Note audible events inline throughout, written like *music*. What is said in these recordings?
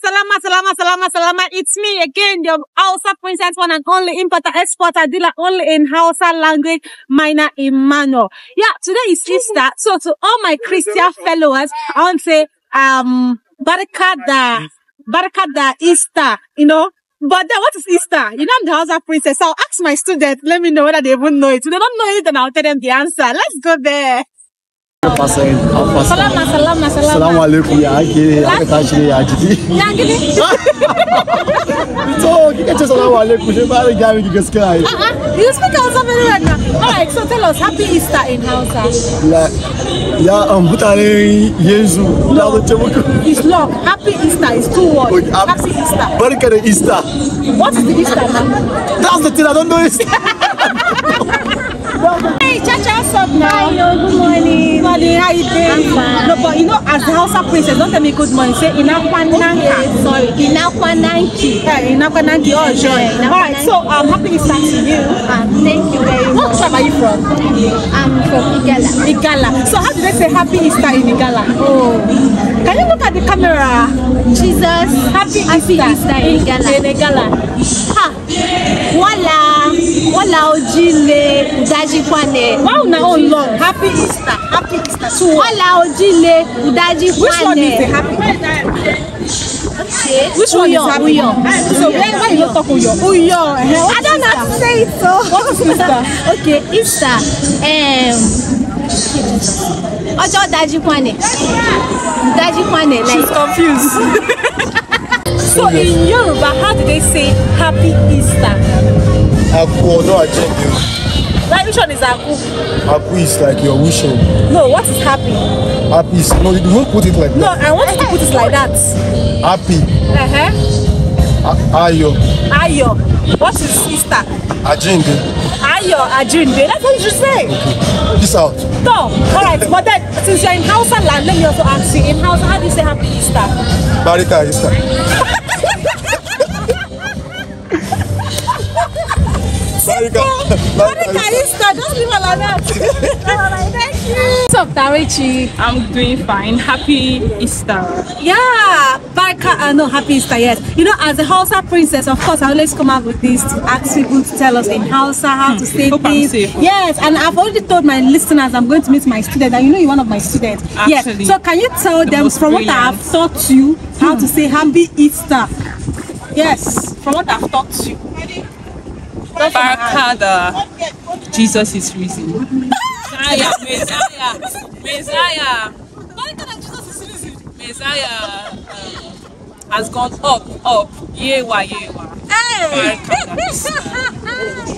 Salama, salama, salama, salama. It's me again, your Hausa princess, one and only importer, exporter, dealer only in Hausa language, minor is manner. Yeah, today is Easter. So to all my Christian followers, I want to say, um, Barakada, Barakada Easter, you know. But then what is Easter? You know, I'm the Hausa princess. So I'll ask my students, let me know whether they even know it. If they don't know it, then I'll tell them the answer. Let's go there. percent of us. Salama, salama, salama. Salamu alaikum ya ake aka tashi ne ya jiki. Ya gidi. To kika ce salamu alaikum sai ba da gami gaskiya yi. You speak Hausa very well now. All right, so tell us happy Easter in Hausa. Uh. Ya ya um, mutanen Yesu na zace muku. It's long. Happy Easter is two words. Okay, um, happy Easter. Barka da Easter. What is the Easter man? That's the thing I don't know. *laughs* what's up now? Hi, yo, good morning. Good morning, how you doing? No, but you know, as the Hausa princess, don't tell me good morning. Say Inakwananka. Okay, sorry, Inakwananki. Yeah, Inakwananki, oh, sure. Yeah, right. so um, happy Easter to you. Um, thank you very much. What tribe are you from? I'm from Igala. Igala. So how do they say happy Easter in Igala? Oh. Can you look at the camera? Jesus. Happy, happy Easter. Easter in Igala. In Igala. Ha! Voila! Ọla Ojile Udaji Kwane. Wow, own long. Happy Easter. Happy Easter. So Ọla Ojile Udaji Which one is the happy? Which one is happy? Uyo. So where why you not talk Uyo? Uyo. I don't know to say it. So. What is Easter? okay, Easter. Um, ọjọ́ Udaji Kwane. Udaji Kwane. Like. She's confused. *laughs* so in Yoruba, how do they say happy Easter? Aku or no agenda. Like which one is Aku? Aku is like your wish. No, what is happy? Happy is no, you don't put it like no, that. No, I want you to put it like that. Happy. Uh-huh. Ayo. Ayo. What is sister? Ajinde. Ayo, Ajinde. That's what you say. Okay. Peace out. No. All right, but then since you're in Hausa land, let me also ask you in Hausa, how do you say happy Easter? Barita Easter. *laughs* Marika, Marika, you Just leave all of that. Thank you. What's up, Darichi? I'm doing fine. Happy Easter. Yeah, i uh, no, happy Easter, yes. You know, as a Hausa princess, of course, I always come out with this to ask people to tell us in Hausa how to hmm, say Hope things. Yes, and I've already told my listeners I'm going to meet my student, and you know you're one of my students. Actually, yes. So can you tell the them from brilliant. what I've taught you how hmm. to say happy Easter? Yes, from what I've taught you. Baraka the Jesus is risen. Messiah, Messiah, Messiah. Baraka that Jesus is risen. Messiah uh, has gone up, up. Yewa, yewa. Hey.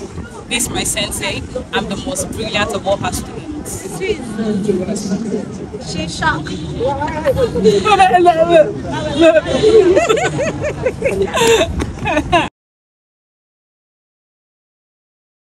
*laughs* This my sensei. I'm the most brilliant of all her students. She's She shocked. *laughs*